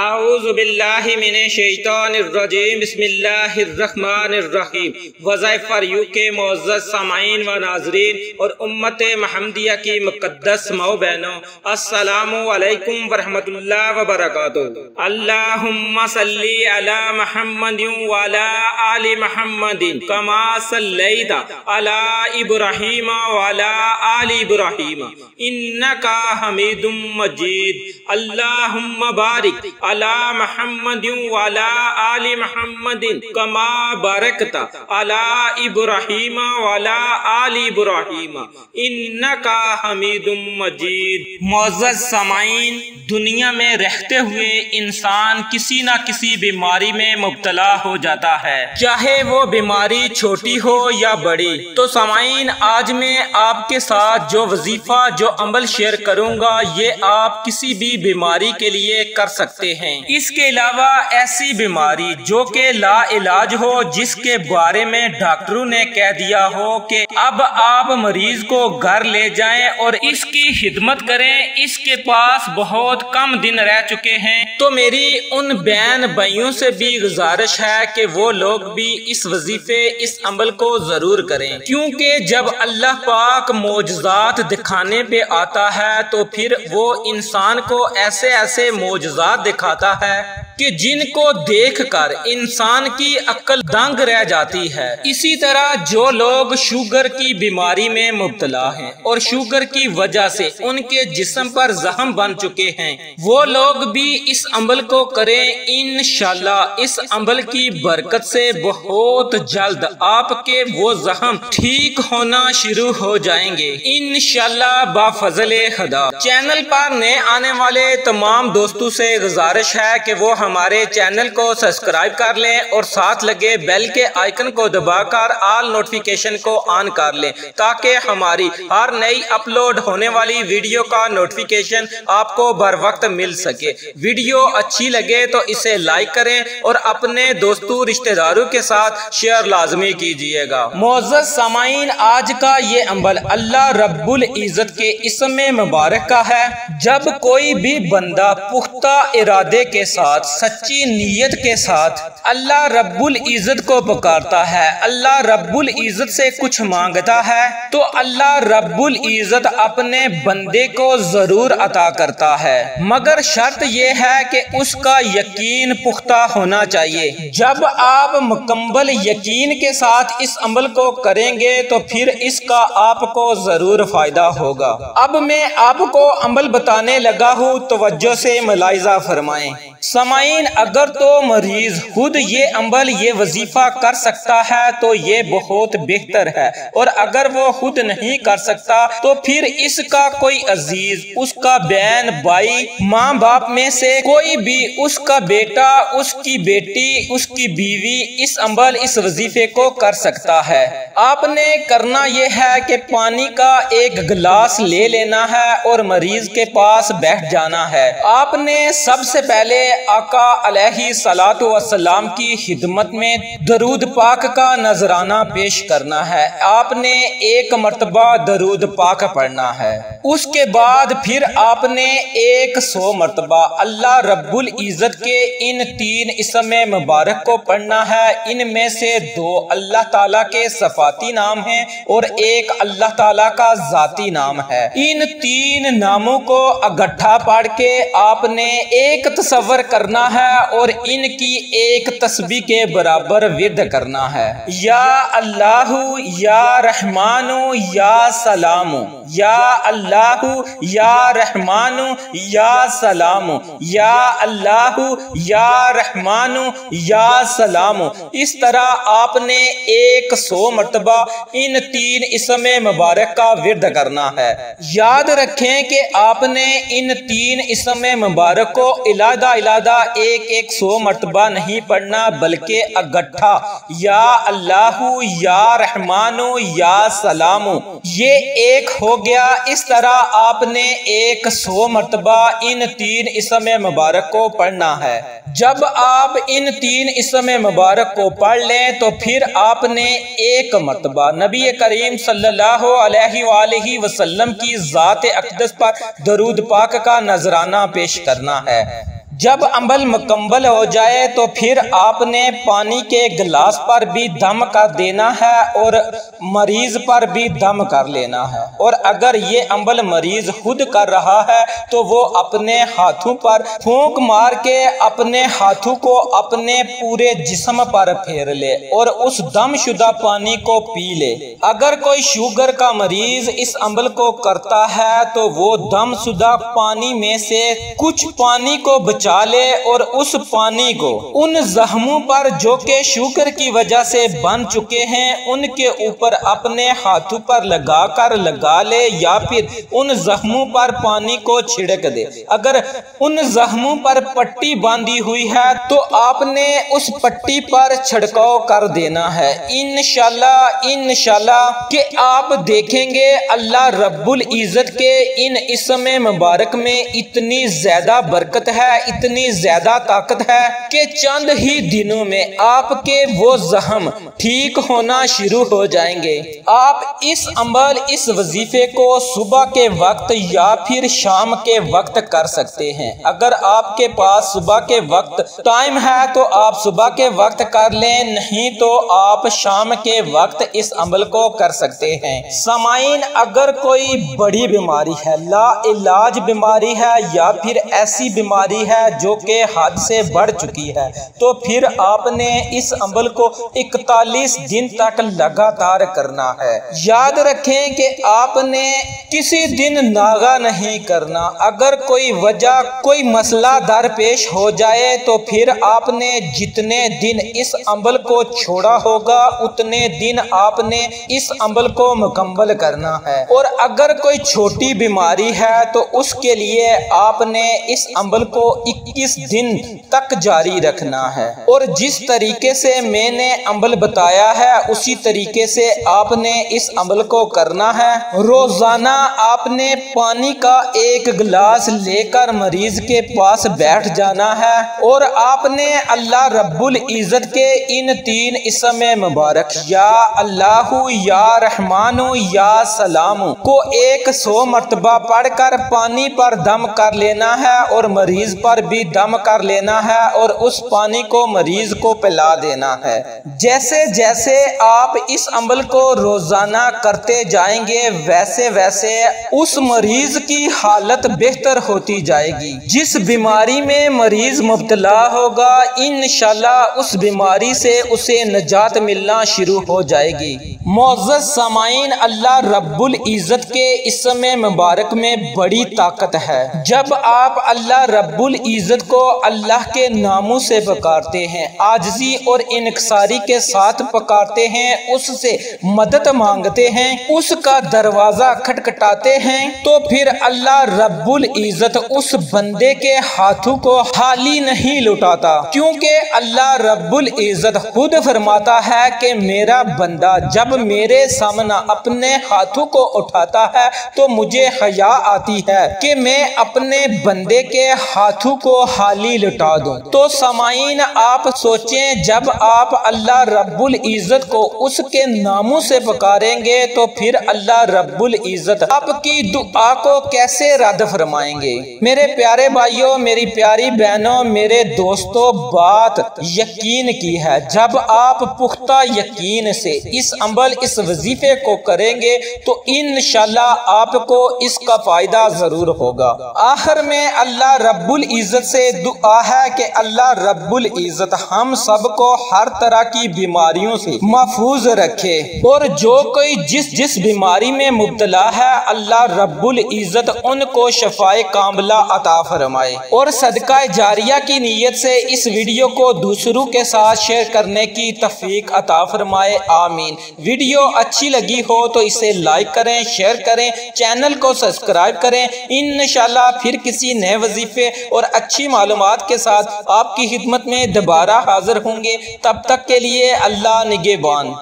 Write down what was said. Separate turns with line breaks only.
आउज़बिल्लिमिनशैतरजीम बसमीम वज़ाइफ़ फ़ार यू के मोज़ सामाइन व नाजरीन और उम्मत महमदिया की मुक़दस मऊ बहनों असलकम वरहमल वबरक अल्लासली अला महमद वाला आल महमदिन कमा सल्लैता अला इब्राहिम वाला आल इब्राहिम इन्नका हमीदुम मजीद अल्लाहुम्मा बारिक अला मोहम्मद वाला आल महमद कमा बरकता अला इब्राहिम वाला आली इब्राहिम इनका हमीद मजीद मोज़्ज़ समाइन दुनिया में रहते हुए इंसान किसी न किसी बीमारी में मुबतला हो जाता है चाहे वो बीमारी छोटी हो या बड़ी तो समाइन आज मैं आपके साथ जो वजीफा जो अमल शेयर करूँगा ये आप किसी भी बीमारी के लिए कर सकते सकते हैं इसके अलावा ऐसी बीमारी जो के ला इलाज हो जिसके बारे में डॉक्टरों ने कह दिया हो कि अब आप मरीज को घर ले जाएं और इसकी खिदमत करें इसके पास बहुत कम दिन रह चुके हैं तो मेरी उन बहन भाइयों से भी गुजारिश है कि वो लोग भी इस वजीफे इस अमल को जरूर करें क्योंकि जब अल्लाह पाक मोजात दिखाने पे आता है तो फिर वो इंसान को ऐसे ऐसे मोजात खाता है कि जिनको देखकर इंसान की अक्ल दंग रह जाती है इसी तरह जो लोग शुगर की बीमारी में मुबतला हैं और शुगर की वजह से उनके जिस्म पर जहम बन चुके हैं वो लोग भी इस अमल को करें इन इस अमल की बरकत से बहुत जल्द आपके वो जहम ठीक होना शुरू हो जाएंगे इन बाफजल खदा चैनल पर नए आने वाले तमाम दोस्तों से गुजारिश है कि वो हम हमारे चैनल को सब्सक्राइब कर लें और साथ लगे बेल के आइकन को दबाकर ऑल नोटिफिकेशन को ऑन कर लें ताकि हमारी हर नई अपलोड होने वाली वीडियो का नोटिफिकेशन आपको बर वक्त मिल सके वीडियो अच्छी लगे तो इसे लाइक करें और अपने दोस्तों रिश्तेदारों के साथ शेयर लाजमी कीजिएगा मोजत सामाइन आज का ये अम्बल अल्लाह रबुल इज़्ज़त के इसम मुबारक का है जब कोई भी बंदा पुख्ता इरादे के साथ सच्ची नीयत के साथ अल्लाह रब्बुल इज़्ज़त को पुकारता है अल्लाह रब्बुल इज़्ज़त से कुछ मांगता है तो अल्लाह रब्बुल इज़्ज़त अपने बंदे को ज़रूर अता करता है मगर शर्त यह है कि उसका यकीन पुख्ता होना चाहिए जब आप मुकम्मल यकीन के साथ इस अमल को करेंगे तो फिर इसका आपको ज़रूर फ़ायदा होगा अब मैं आपको अमल बताने लगा हूँ तोज्जो से मुलायजा फरमाए समय सामीन अगर तो मरीज खुद ये अमल ये वजीफ़ा कर सकता है तो ये बहुत बेहतर है और अगर वो खुद नहीं कर सकता तो फिर इसका कोई अजीज उसका बहन भाई माँ बाप में से कोई भी उसका बेटा उसकी बेटी उसकी बीवी इस अमल इस वजीफे को कर सकता है आपने करना यह है कि पानी का एक गिलास ले लेना है और मरीज के पास बैठ जाना है आपने सबसे पहले आका सलात की खिदमत में दरूद पाक का नजराना पेश करना है आपने एक मरतबा दरूद पाक पढ़ना है उसके बाद फिर आपने एक सौ मरतबा अल्लाह रब्बुल इज़्ज़त के इन तीन इसम मुबारक को पढ़ना है इनमें से दो अल्लाह ताला के सफाती नाम है और एक अल्लाह ताला का जाती नाम है इन तीन नामों को इकट्ठा पढ़ के आपने एक तस्वर करना करना है और इनकी एक तस्वीर के बराबर विद करना है या अल्लाह या रहमानो या सलाम या अल्लाह या रहमानो या सलाम या अल्लाह या रहमानो या सलाम इस तरह आपने एक सौ मरतबा इन तीन इसम मुबारक का विद करना है याद रखें कि आपने इन तीन इसम मुबारक को इलादा इलादा एक एक सौ मरतबा नहीं पढ़ना बल्कि अगट्ठा या अल्लाह या रहमानो या सलामो ये एक हो गया इस तरह आपने एक सौ मरतबा इन तीन इसम मुबारक को पढ़ना है जब आप इन तीन इसम मुबारक को पढ़ लें तो फिर आपने एक मरतबा नबी करीम सल्लाम की ज़ात अकदस पर दरूद पाक का नजराना पेश करना है जब अमल मुकम्मल हो जाए तो फिर आपने पानी के गिलास पर भी दम कर देना है और मरीज़ पर भी दम कर लेना है और अगर ये अमल मरीज़ खुद कर रहा है तो वो अपने हाथों पर फूंक मार के अपने हाथों को अपने पूरे जिस्म पर फेर ले और उस दम शुदा पानी को पी ले अगर कोई शुगर का मरीज़ इस अमल को करता है तो वो दम शुदा पानी में से कुछ पानी को बचा उछाले और उस पानी को उन जख्मों पर जो के शुक्र की वजह से बन चुके हैं उनके ऊपर अपने हाथों पर लगा कर लगा ले या फिर उन जख्मों पर पानी को छिड़क दे अगर उन जख्मों पर पट्टी बांधी हुई है तो आपने उस पट्टी पर छिड़काव कर देना है इनशाला इनशाला कि आप देखेंगे अल्लाह रब्बुल इज़्ज़त के इन इसमें मुबारक में इतनी ज़्यादा बरकत है इतनी ज्यादा ताकत है कि चंद ही दिनों में आपके वो जहम ठीक होना शुरू हो जाएंगे आप इस अमल इस वजीफे को सुबह के वक्त या फिर शाम के वक्त कर सकते हैं अगर आपके पास सुबह के वक्त टाइम है तो आप सुबह के वक्त कर लें नहीं तो आप शाम के वक्त इस अमल को कर सकते हैं समाइन अगर कोई बड़ी बीमारी है ला इलाज बीमारी है या फिर ऐसी बीमारी है है जो कि हद से बढ़ चुकी है तो फिर आपने इस अमल को इकतालीस दिन तक लगातार करना है याद रखें कि आपने किसी दिन नागा नहीं करना अगर कोई वजह कोई मसला दर पेश हो जाए तो फिर आपने जितने दिन इस अमल को छोड़ा होगा उतने दिन आपने इस अमल को मुकम्मल करना है और अगर कोई छोटी बीमारी है तो उसके लिए आपने इस अमल को इक्कीस दिन तक जारी रखना है और जिस तरीके से मैंने अमल बताया है उसी तरीके से आपने इस अमल को करना है रोजाना आपने पानी का एक गिलास लेकर मरीज के पास बैठ जाना है और आपने अल्लाह रब्बुल इज़्ज़त के इन तीन इसम मुबारक या अल्लाह या रहमान या सलाम को एक सौ मरतबा पढ़कर पानी पर दम कर लेना है और मरीज पर पर भी दम कर लेना है और उस पानी को मरीज को पिला देना है जैसे जैसे आप इस अमल को रोजाना करते जाएंगे वैसे वैसे उस मरीज की हालत बेहतर होती जाएगी जिस बीमारी में मरीज मुबतला होगा इन उस बीमारी से उसे निजात मिलना शुरू हो जाएगी मोजत समाइन अल्लाह रब्बुल इज़्ज़त के इस समय मुबारक में बड़ी ताकत है जब आप अल्लाह रब्बुल इज़्ज़त को अल्लाह के नामों से पकारते हैं आजजी और इनकसारी के साथ पकारते हैं उससे मदद मांगते हैं उसका दरवाज़ा खटखटाते हैं तो फिर अल्लाह रब्बुल इज़्ज़त उस बंदे के हाथों को हाली नहीं लुटाता क्योंकि अल्लाह रब्बुल इज़्ज़त खुद फरमाता है कि मेरा बंदा जब मेरे सामना अपने हाथों को उठाता है तो मुझे हया आती है कि मैं अपने बंदे के हाथों को हाली लुटा दो तो समाइन आप सोचें जब आप अल्लाह रब्बुल इज़्ज़त को उसके नामों से पुकारेंगे तो फिर अल्लाह रब्बुल इज़्ज़त आपकी दुआ को कैसे रद्द फरमाएंगे मेरे प्यारे भाइयों मेरी प्यारी बहनों मेरे दोस्तों बात यकीन की है जब आप पुख्ता यकीन से इस अमल इस वजीफे को करेंगे तो इन आपको इसका फायदा जरूर होगा आखिर में अल्लाह रब्बुल इज़्ज़त इज़्ज़त से दुआ है कि अल्लाह रब्बुल इज़्ज़त हम सबको हर तरह की बीमारियों से महफूज रखे और जो कोई जिस जिस बीमारी में मुबतला है अल्लाह रब्बुल इज़्ज़त उनको शफाए कामला अता फरमाए और सदका जारिया की नीयत से इस वीडियो को दूसरों के साथ शेयर करने की तफीक अता फरमाए आमीन वीडियो अच्छी लगी हो तो इसे लाइक करें शेयर करें चैनल को सब्सक्राइब करें इन फिर किसी नए वजीफे और अच्छी मालूम के साथ आपकी खिदमत में दोबारा हाजिर होंगे तब तक के लिए अल्लाह निगेबान